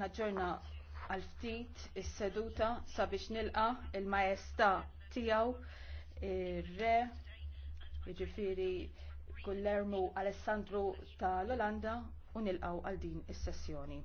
naġġorna għal ftit is-seduta sabiex nilqa il-majestà tiegħu ir-re jiġifieri Gullermo Alessandru tal-Olanda u nilqgħu għal din is-sessjoni.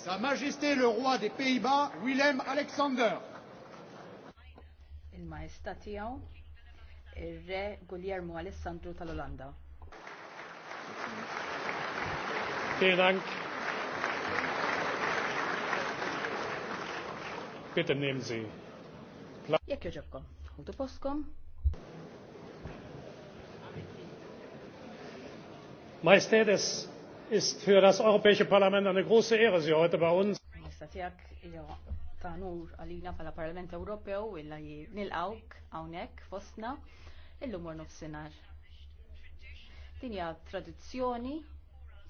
Sa Majesté le roi des Pays-Bas, Willem Alexander. Il-Majestà tiegħu il re Guglielmo Alessandro tal-Olanda. Vielen Dank. Bitte nehmen Sie Platz. Jekk joġobkom, ħudu postkom. Majestät ist für das Europäische Parlament eine große Ehre, Sie heute bei uns. ta' nur għalina pala Parlament Ewropew illa nilqawk hawnhekk fostna illum war nofsinhar. Din hija tradizzjoni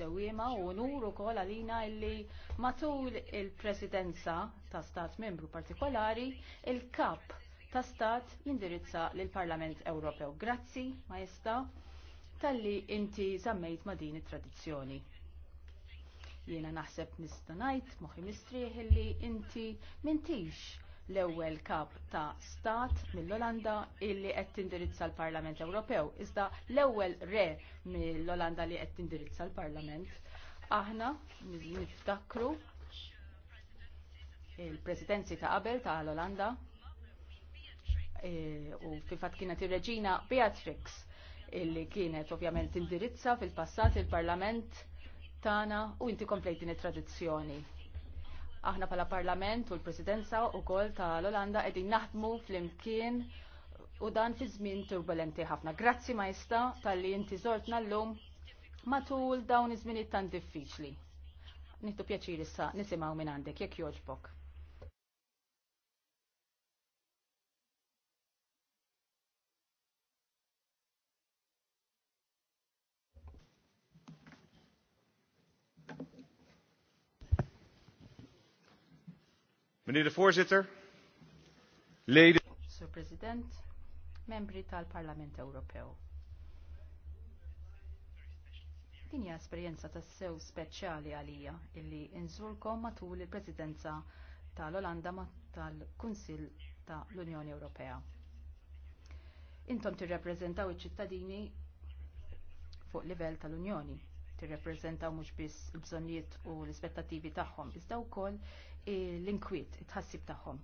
dewwiema u onur ukoll għalina illi matul il-presidenza ta' stat membru partikolari il-kap ta' stat jindirizza lill Parlament Ewropew. Grazzi, Maestà tal-li inti zammejt ma din it-tradizzjoni. Jiena naħseb nista' ngħid moħi mistrieħ li inti mintix l-ewwel kap ta' stat mill-Olanda illi qed tindirizza l-Parlament Ewropew. Iżda l-ewwel re mill-Olanda li qed tindirizza l-Parlament. Aħna niftakru il-presidenzi ta' qabel ta' l-Olanda eh, u fil-fat kienet ir-reġina Beatrix illi kienet ovvjament indirizza fil-passat il-Parlament tagħna u inti komplejt din it-tradizzjoni. Aħna pala Parlament u l-Presidenza u kol tal-Olanda qegħdin naħdmu fl-imkien u dan fi żmien turbulenti ħafna. Grazzi Majsta tal-li inti żortna llum matul dawn iż-żminijiet tan diffiċli. Nittu pjaċir issa nisimgħu minn għandek jekk jogħġbok. Meneer de voorzitter, leden. Sir President, membri tal-Parlament Ewropew. Din hija esperjenza tas-sew speċjali għalija illi inżulkom matul il-Presidenza tal-Olanda ma tal-Kunsill tal-Unjoni Ewropea. Intom tirrappreżentaw iċ-ċittadini fuq livell tal-Unjoni tirrepreżentaw mhux biss il-bżonnijiet u l-ispettattivi tagħhom, iżda wkoll l-inkwiet, it-ħassib tagħhom.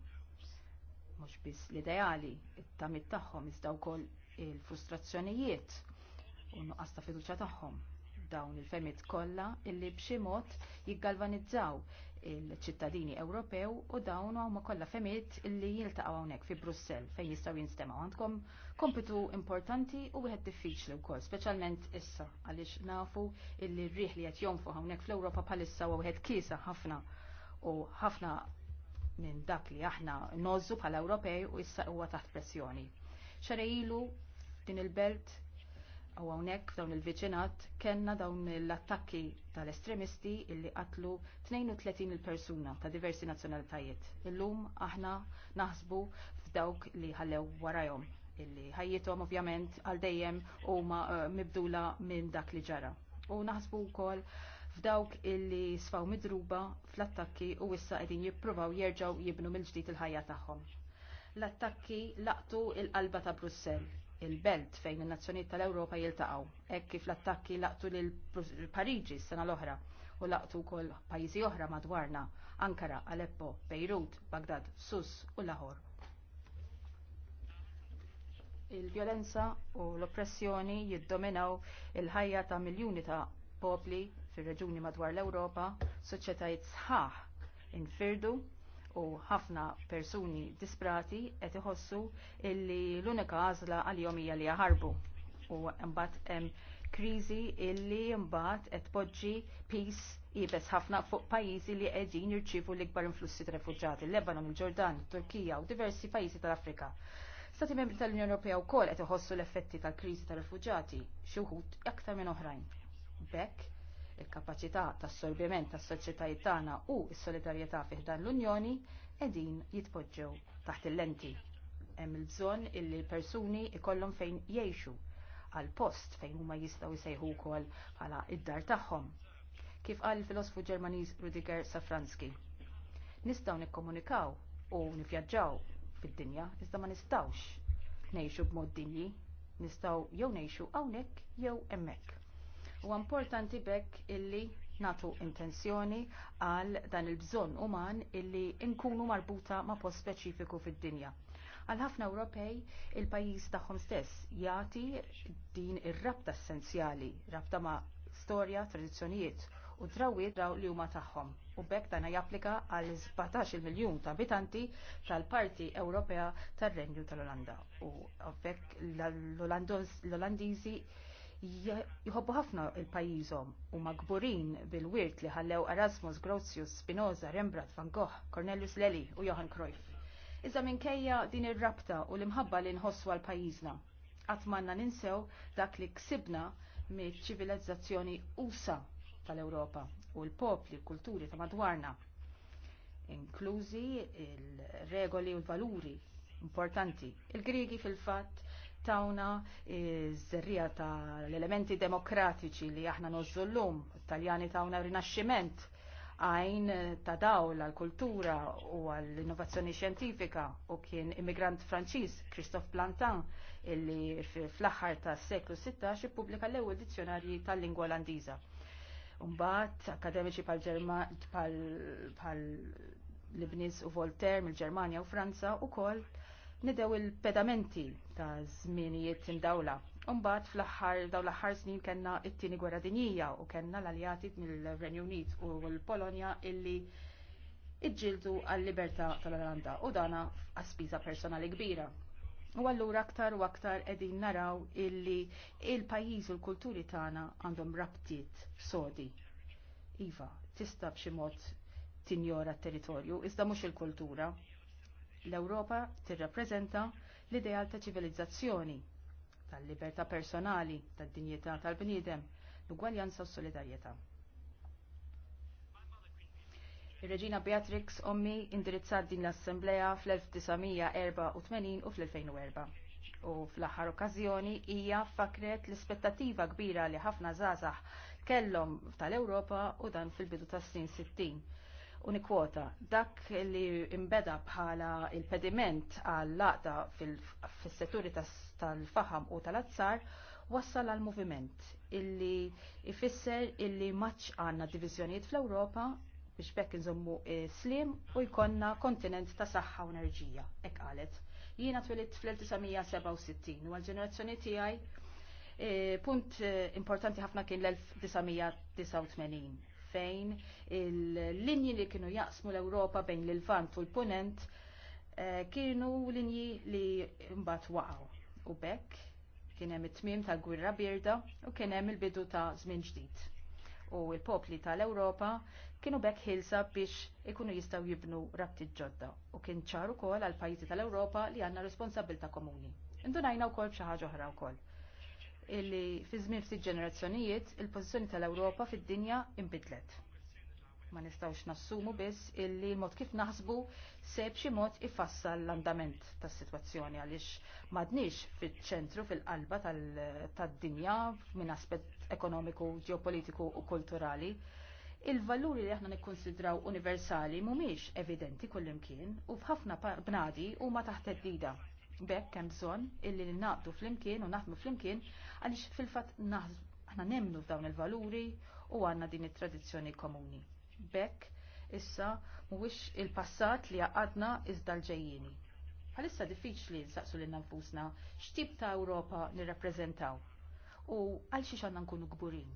Mhux biss l-ideali, it-tamit tagħhom, iżda wkoll il-frustrazzjonijiet u nuqqas ta' fiduċja tagħhom dawn il-femit kollha illi b'xi mod jiggalvanizzaw il-ċittadini Ewropew u dawn huma kollha femiet illi jiltaqgħu hawnhekk fi Brussell fejn jistgħu jinstema' għandkom kompitu importanti u wieħed diffiċli wkoll, speċjalment issa għaliex nafu illi r li qed jonfu hawnhekk fl-Ewropa bħalissa huwa wieħed kiesa ħafna u ħafna minn dak li aħna nozzu bħala Ewropej u issa huwa taħt pressjoni. Xarejlu din il-belt u hawnhekk f'dawn il-viċinat kenna dawn l-attakki tal-estremisti illi qatlu 32 il-persuna ta' diversi nazzjonalitajiet. Illum aħna naħsbu f'dawk li ħallew warajom illi ħajjithom ovvjament għal dejjem huma eh, mibdula minn dak li ġara. U naħsbu wkoll f'dawk illi sfaw midruba fl-attakki u issa għedin jippruvaw jerġgħu jibnu mill-ġdid il-ħajja tagħhom. L-attakki laqtu il-qalba ta' Brussell il-belt fejn in-nazzjonijiet tal-Ewropa jiltaqgħu. Hekk kif l-attakki laqtu lil Pariġi s-sena l-oħra u laqtu wkoll pajjiżi oħra madwarna Ankara, Aleppo, Beirut, Bagdad, Sus u Lahor. Il-vjolenza u l-oppressjoni jiddominaw il-ħajja ta' miljuni ta' popli fir-reġuni madwar l-Ewropa, soċjetajiet sħaħ infirdu u ħafna persuni disprati qed iħossu illi l-unika għażla għalihom hija li jaħarbu. U mbagħad hemm kriżi illi mbagħad qed poġġi peace ibes ħafna fuq pajjiżi li qegħdin jirċievu l-ikbar influssi ta' refuġġati, Lebanon, il-Ġordan, Turkija u diversi pajjiżi tal-Afrika. Stati membri tal-Unjoni Ewropea wkoll qed iħossu l-effetti tal-kriżi tar refuġġati xi wħud aktar minn oħrajn. Bekk il-kapacità ta' sorbiment tas soċjetajiet tagħna u s-solidarjetà fih dan l-Unjoni qegħdin jitpoġġew taħt il-lenti. Hemm il-bżonn illi l-persuni ikollhom fejn jgħixu għal post fejn huma jistgħu jsejħu wkoll bħala id-dar tagħhom. Kif qal il-filosofu Ġermaniż Rudiger Safranski. Nistgħu nikkomunikaw u nivvjaġġaw fid-dinja iżda ma nistgħux ngħixu b'mod dinji, nistgħu jew ngħixu hawnhekk jew hemmhekk U importanti bekk illi natu intenzjoni għal dan il-bżonn uman illi nkunu marbuta ma' post speċifiku fid-dinja. Għal ħafna Ewropej il-pajjiż tagħhom stess jagħti din ir-rabta essenzjali, rabta ma' storja, tradizzjonijiet u drawiet daw li huma tagħhom. U bekk dan japplika għal 17 miljun ta' abitanti tal-Parti Ewropea tar-Renju tal-Olanda. U bekk l-Olandiżi jħobbu ħafna il-pajizom u magburin bil-wirt li ħallew Erasmus, Grotius, Spinoza, Rembrandt, Van Gogh, Cornelius Lely u Johan Cruyff. Iżda minkejja din ir-rabta u l-imħabba li nħossu għal pajjiżna. Qatt manna ninsew dak li ksibna mill-ċivilizzazzjoni usa tal-Ewropa u l-popli, l-kulturi ta' madwarna, inklużi il-regoli u l-valuri importanti. Il-Grigi fil-fatt tawna zerrija żerrija tal-elementi demokratiċi li aħna nożżullum, taljani tawna rinaxximent għajn ta' dawl għal kultura u għall innovazzjoni xjentifika u kien immigrant Franċiż Christophe Plantin illi fl-aħħar tas seklu 16 ippubblika l-ewwel dizzjonarji tal-lingwa Olandiża. Umbat, akademiċi pal-Libnis u Voltaire mill-Ġermanja u Franza u koll nidew il-pedamenti ta' zminijiet imdawla. Umbat fl-aħħar daw l-aħħar snin kellna it-tieni gwerra dinjija u kellna l-aljati mill-Renju Unit u l-Polonja illi iġġildu għall-libertà tal-Olanda u dana għaspiża personali kbira. U allura aktar u aktar qegħdin naraw illi il-pajjiż u l-kulturi tagħna għandhom rabtiet sodi. Iva, tista' b'xi mod tinjora t-territorju, iżda mhux il-kultura, L-Ewropa tirrappreżenta l-ideal ta' ċivilizzazzjoni, tal-libertà personali, tad-dinjità tal-bniedem, l-ugwaljanza u s-solidarjetà. Ir-Reġina Beatrix ommi indirizzat din l-Assemblea fl-1984 u fl-2004. U fl-aħħar okkażjoni hija fakret l-ispettattiva kbira li ħafna żgħażagħ kellhom tal-Ewropa u dan fil-bidu tas snin 60 unikwota. Dak li imbeda bħala il-pediment għal laqda fil-setturi tal-faham u tal-azzar wassal għal moviment illi ifisser illi maċ għanna divizjoniet fl-Europa biex bekk nżommu eh, slim u jkonna kontinent ta' saħħa u enerġija. Ek għalet. Jiena twilit fl-1967 u għal-ġenerazzjoni tiegħi eh, punt eh, importanti ħafna kien l-1989 fejn il-linji li kienu jaqsmu l-Ewropa bejn l-Vant u l-Punent eh, kienu linji li mbagħad waqgħu. U bekk kien hemm it-tmiem ta' gwerra birda u kien hemm il-bidu ta' żmien ġdid. U l-popli tal-Ewropa kienu bekk ħilsa biex ikunu jistgħu jibnu rabti ġodda u kien ċar ukoll għall pajjiżi tal-Ewropa li għandna responsabilta komuni. Indunajna wkoll xi ħaġa oħra wkoll illi fi żmien ftit ġenerazzjonijiet il-pożizzjoni tal-Ewropa fid-dinja inbidlet. Ma nistgħux nassumu biss illi mod kif naħsbu seb xi mod ifassal l-andament tas-sitwazzjoni għaliex m'għadniex fiċ-ċentru fil-qalba tad-dinja minn aspett ekonomiku, ġeopolitiku u kulturali. Il-valuri li aħna nikkonsidraw universali mhumiex evidenti kullimkien u f'ħafna bnadi huma taħt teddida. Bekk hemm bżonn illi naqdu flimkien u naħdmu flimkien għaliex fil-fatt naħsbu aħna nemnu f'dawn il-valuri u għandna din it-tradizzjoni komuni. Bekk issa mhuwiex il-passat li għadna iżda l ġejjini Bħalissa diffiċli nsaqsu lil nfusna x'tip ta' Ewropa nirrappreżentaw u għal xiex għandna nkunu kburin.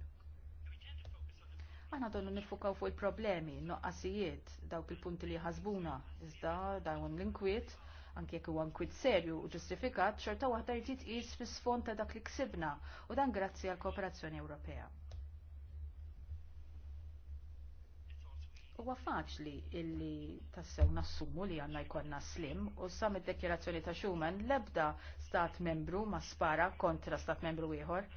Aħna donnu nifukaw fuq il-problemi, noqqasijiet, dawk il-punti li ħasbuna, iżda dawn l-inkwiet, anke jekk huwa nkwid serju u ġustifikat xorta waħda jrid qis fis-sfond ta' dak li ksibna u dan grazzi għall kooperazzjoni Ewropea. Huwa faċli illi tassew nassumu li għandna jkollna slim u sam id-dekjerazzjoni ta' Schumann l-ebda stat membru ma spara kontra stat membru ieħor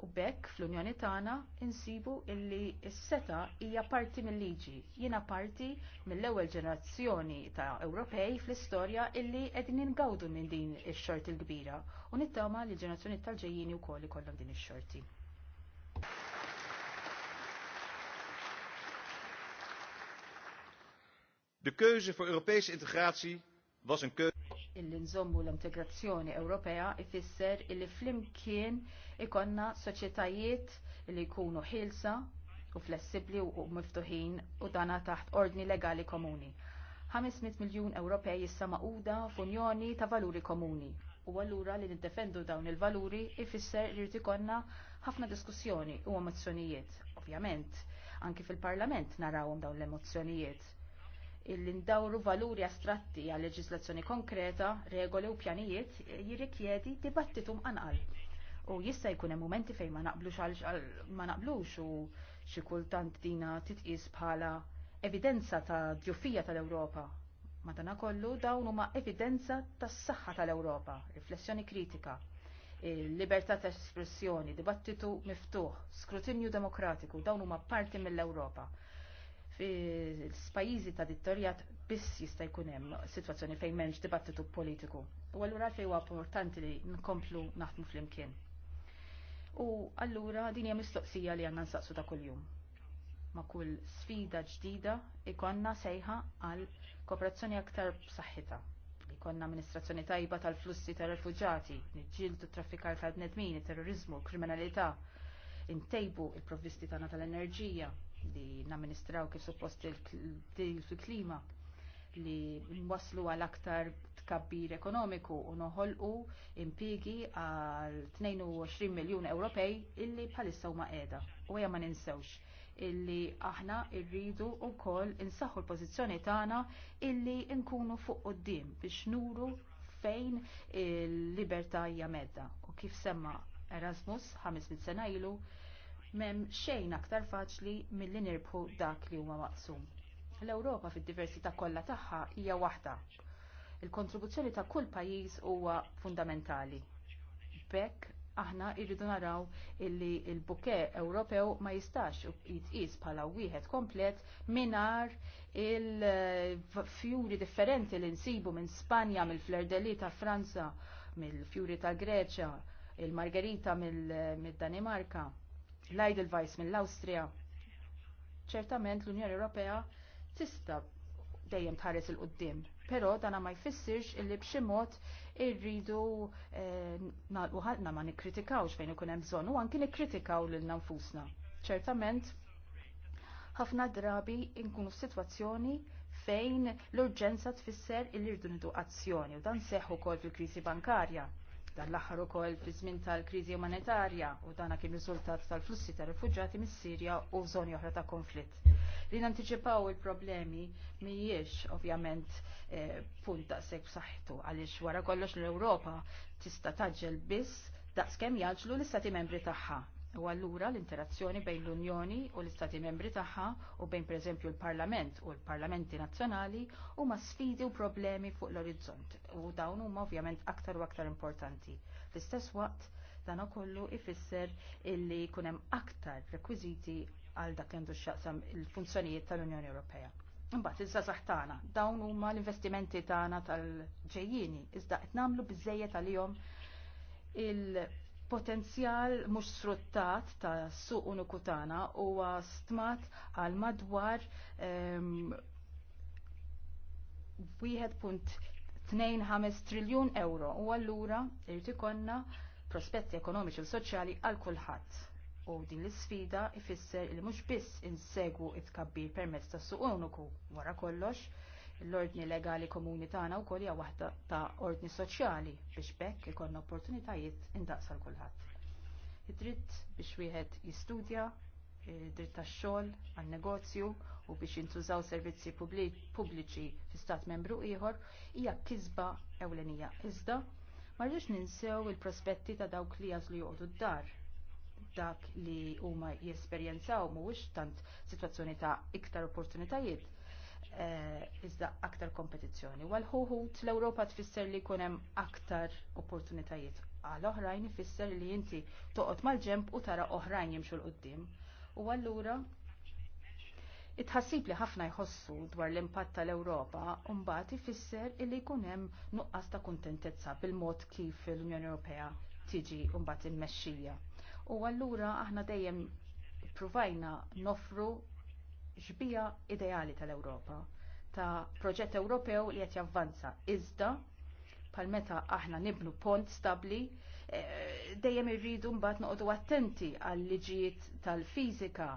U bekk fl-Unjoni tagħna insibu illi s-seta hija parti mill-liġi. Jiena parti mill-ewwel ġenerazzjoni ta' Ewropej fl-istorja illi qegħdin ingawdu minn din ix-xorti l-kbira u nittama li ġenerazzjoni tal-ġejjini wkoll ikollhom din ix-xorti. De keuze voor Europese integratie was een keuze illi nżommu l-integrazzjoni Ewropea ifisser illi flimkien ikonna soċjetajiet illi jkunu ħilsa u flessibli u miftuħin u dana taħt ordni legali komuni. 500 miljun Ewropej issa maquda f'unjoni ta' valuri komuni. U allura li niddefendu dawn il-valuri ifisser li rrid ħafna diskussjoni u emozzjonijiet. Ovvjament, anki fil-Parlament narawhom dawn l-emozzjonijiet illi ndawru valuri astratti għal leġislazzjoni konkreta, regoli u pjanijiet eh, jirrikjedi dibattitu mqanqal. U jista' jkun hemm mumenti fejn ma naqblux għal ma naqblux u xi kultant dina titqis bħala evidenza ta' djufija tal-Ewropa. Madanakollu dawn huma evidenza tas-saħħa tal-Ewropa, riflessjoni kritika, libertà ta' espressjoni, dibattitu miftuħ, skrutinju demokratiku, dawn huma parti mill-Ewropa fil-spajizi ta' dittorjat biss jista' jkun hemm sitwazzjoni fejn m'hemmx dibattitu politiku. U allura fejn huwa importanti li nkomplu naħdmu flimkien. U allura din hija mistoqsija li għandna nsaqsu ta' kuljum. Ma' kull sfida ġdida ikonna sejħa għal kooperazzjoni aktar b'saħħitha. Ikonna amministrazzjoni tajba tal-flussi ta' refuġati, niġġieldu traffikar tal-bnedmin, terrorizmu, kriminalità, intejbu il-provvisti tagħna tal-enerġija, li namministraw kif suppost il-klima li waslu għal aktar tkabbir ekonomiku u noħolqu impigi għal 22 miljun Ewropej illi bħalissa huma qiegħda. U hija ma ninsewx illi aħna rridu wkoll insaħħu l-pożizzjoni tagħna illi nkunu fuq quddiem biex nuru fejn il-libertà hija medda. U kif semma Erasmus 500 sena ilu m'hemm xejn aktar faċli milli nirbħu dak li huma maqsum. L-Ewropa fid-diversità kollha tagħha hija waħda. Il-kontribuzzjoni ta' kull pajjiż huwa fundamentali. B'hekk aħna irridu naraw illi l buke Ewropew ma jistax jitqis bħala wieħed komplet minar il-fjuri differenti li nsibu minn Spanja, mill-Flerdeli ta' Franza, mill-fjuri ta' Greċja, il margarita mill-Danimarka l-Edelweiss mill-Awstrija. Ċertament l-Unjoni Ewropea tista dejjem tħares il-qoddim, però dan ma jfissirx illi b'xi mod irridu eh, nagħlqu ma nikkritikawx fejn ikun hemm bżonn u anki nikkritikaw lil nfusna. Ċertament ħafna drabi nkunu f'sitwazzjoni fejn l-urġenza tfisser il-irdu nidu azzjoni u dan seħħu kol fil-krisi bankarja dan l-aħħar ukoll fi żmien tal-kriżi umanitarja u dana kien riżultat tal-flussi ta' rifuġjati mis-Sirja u żoni oħra ta' konflitt. Li nantiċipaw il-problemi mhijiex ovvjament eh, punt daqshekk b'saħħtu għaliex wara kollox l-Ewropa tista' taġġel biss daqskemm jaġlu l-istati membri tagħha. U allura l-interazzjoni bejn l-Unjoni u l-Istati membri tagħha u bejn pereżempju l-Parlament u l-Parlamenti nazzjonali huma sfidi u problemi fuq l-orizzont u dawn huma ovvjament aktar u aktar importanti. Fl-istess waqt dan ukollu ifisser illi jkun hemm aktar rekwiżiti għal dak kemm x x'jaqsam il-funzjonijiet tal-Unjoni Ewropea. Imbagħad iżda tagħna dawn huma l-investimenti tagħna tal-ġejjieni, iżda qed nagħmlu biżejjed għalihom il- potenzjal mhux sfruttat ta' suq uniku tagħna huwa stmat għal madwar 1.25 ehm, triljun euro u allura irid ikollna prospetti ekonomiċi u soċjali għal kulħadd. U din l-isfida ifisser li mhux biss insegwu t tkabbir permezz tas suq uniku wara kollox, l-ordni legali komuni tagħna wkoll hija waħda ta' ordni soċjali biex bekk ikollna opportunitajiet indaqsa l kulħadd. Id-dritt biex wieħed jistudja, id-dritt tax-xogħol għan-negozju u biex jintużaw servizzi pubbliċi fi stat membru ieħor hija kisba ewlenija. Iżda ma rridux ninsew il-prospetti ta' dawk li jażlu joqogħdu d-dar dak li huma jesperjenzaw mhuwiex tant sitwazzjoni ta' iktar opportunitajiet Eh, iżda aktar kompetizzjoni. Wal ħuħut l-Ewropa tfisser li jkun hemm aktar opportunitajiet għal oħrajn ifisser li inti toqgħod mal-ġemp u tara oħrajn jimxu l qudiem U allura it tħassib li ħafna jħossu dwar l-impatt tal-Ewropa mbagħad ifisser li jkun hemm nuqqas ta' kuntentezza bil-mod kif l-Unjoni Ewropea tiġi u mbagħad immexxija. U allura aħna dejjem provajna nofru ġbija ideali tal-Ewropa, ta' proġett Ewropew li qed javvanza. Iżda, pal meta aħna nibnu pont stabbli, eh, dejjem irridu mbagħad noqogħdu attenti għal liġijiet tal-fiżika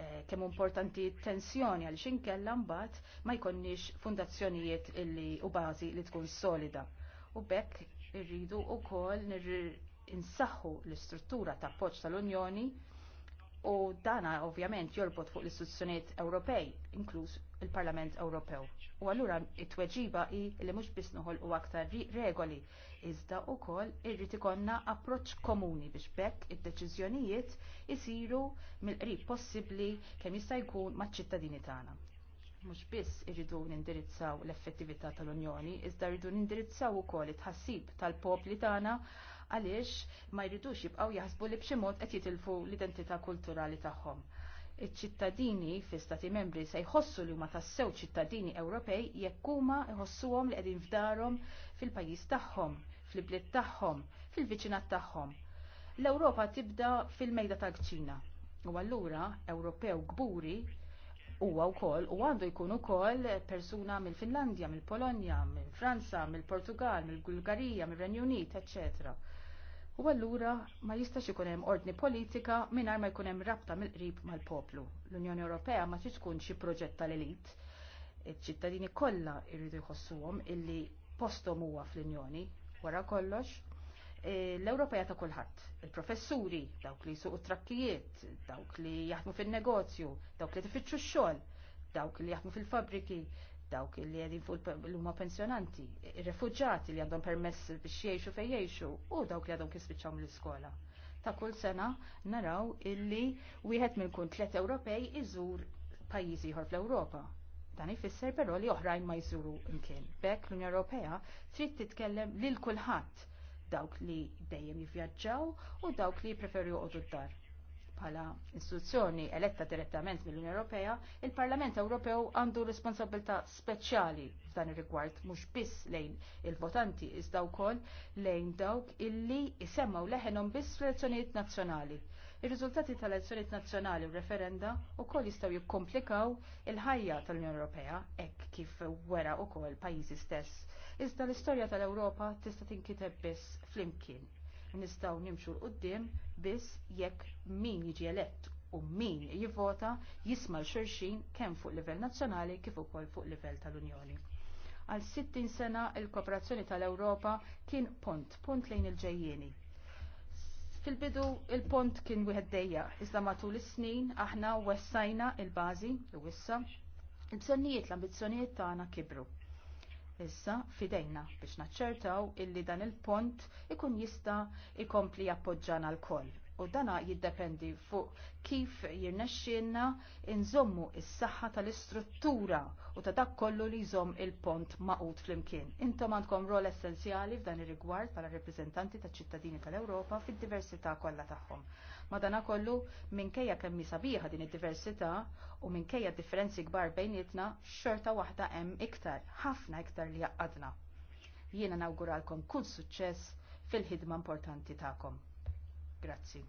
eh, kemm importanti tensjoni għal xinkella mbagħad ma jkollniex fundazzjonijiet illi u bażi li tkun solida. U bekk irridu wkoll insaħħu l-istruttura ta' poċ tal-Unjoni u dana ovvjament jorbot fuq l-istituzzjonijiet Ewropej, inkluż il-Parlament Ewropew. U allura it-tweġiba hi li mhux biss noħolqu aktar regoli, iżda wkoll irrid ikollna approċċ komuni biex bekk id-deċiżjonijiet isiru mill-qrib possibbli kemm jista' jkun maċ-ċittadini tagħna. Mhux biss irridu nindirizzaw l-effettività tal-Unjoni, iżda rridu nindirizzaw ukoll it-ħassib tal-popli tagħna għaliex ma jridux jibqgħu jaħsbu li b'xi mod qed jitilfu l-identità kulturali tagħhom. Iċ-ċittadini fi stati membri se jħossu li huma tassew ċittadini Ewropej jekk huma jħossuhom li qegħdin f'darhom fil-pajjiż tagħhom, fil-bliet tagħhom, fil-viċinat tagħhom. L-Ewropa tibda fil-mejda tal-ċina. U allura Ewropew gburi huwa wkoll u għandu jkun ukoll persuna mill-Finlandja, mill-Polonja, mill-Franza, mill-Portugal, mill-Bulgarija, mill-Renju Unit, eċċetera. U allura ma jistax ikun hemm ordni politika mingħajr ma jkun hemm rabta mill-qrib mal-poplu. L-Unjoni Ewropea ma tix tkun xi proġett tal-elit. Iċ-ċittadini kollha jridu jħossuhom illi postom huwa fl-Unjoni wara kollox e, l ewropea ta' kulħadd, il-professuri, dawk li suq trakkijiet, dawk li jaħdmu fin negozju dawk li tifittxu x-xogħol, dawk li jaħdmu fil-fabriki, dawk li għedin fuq l-huma pensjonanti, refugġati li għandhom permess biex jiexu fej jiexu u dawk li għadhom kisbiċċaw l iskola Ta' kull sena naraw illi wieħed minn kun tliet Ewropej iżur pajjiżi ieħor fl-Ewropa. Dan ifisser però li oħrajn ma jżuru imkien. Bekk l-Unja Ewropea trid titkellem lil kulħadd dawk li dejjem jivvjaġġaw u dawk li preferu joqogħdu d-dar bħala istituzzjoni eletta direttament mill-Unjoni Ewropea, il-Parlament Ewropew għandu responsabilità speċjali f'dan ir-rigward mhux biss lejn il-votanti iżda wkoll lejn dawk illi isemmaw leħenhom biss fl-elezzjonijiet nazzjonali. Ir-riżultati tal-elezzjonijiet nazzjonali u referenda wkoll jistgħu jikkomplikaw il-ħajja tal-Unjoni Ewropea hekk kif wera wkoll pajjiżi stess. Iżda l-istorja tal-Ewropa tista' tinkiteb biss flimkien nistgħu nimxu l-qoddim biss jekk min jiġi elett u min jivvota jisma l-xulxin kemm fuq livell nazzjonali kif ukoll fuq livell tal-Unjoni. Għal 60 sena il-kooperazzjoni tal-Ewropa kien pont, pont lejn il-ġejjieni. Fil-bidu il-pont kien wieħed dejja, iżda matul is-snin aħna wessajna il-bażi u issa il-bżonnijiet l-ambizzjonijiet tagħna kibru. Issa fidejna biex naċċertaw illi dan il-pont ikun jista' jkompli jappoġġjana l-koll u dana jiddependi fuq kif jirnexxinna inżommu is-saħħa tal-istruttura u ta' dak kollu li jżomm il-pont maqut flimkien. Intom għandkom rol essenzjali f'dan ir-rigward bħala rappreżentanti taċ ċittadini tal-Ewropa fid-diversità kollha tagħhom. dana kollu minkejja kemm sabiħa din id-diversità u minkejja differenzi kbar bejnietna xorta waħda hemm iktar, ħafna iktar li jaqadna. Jiena nawguralkom kull suċċess fil-ħidma importanti tagħkom. Grazzi.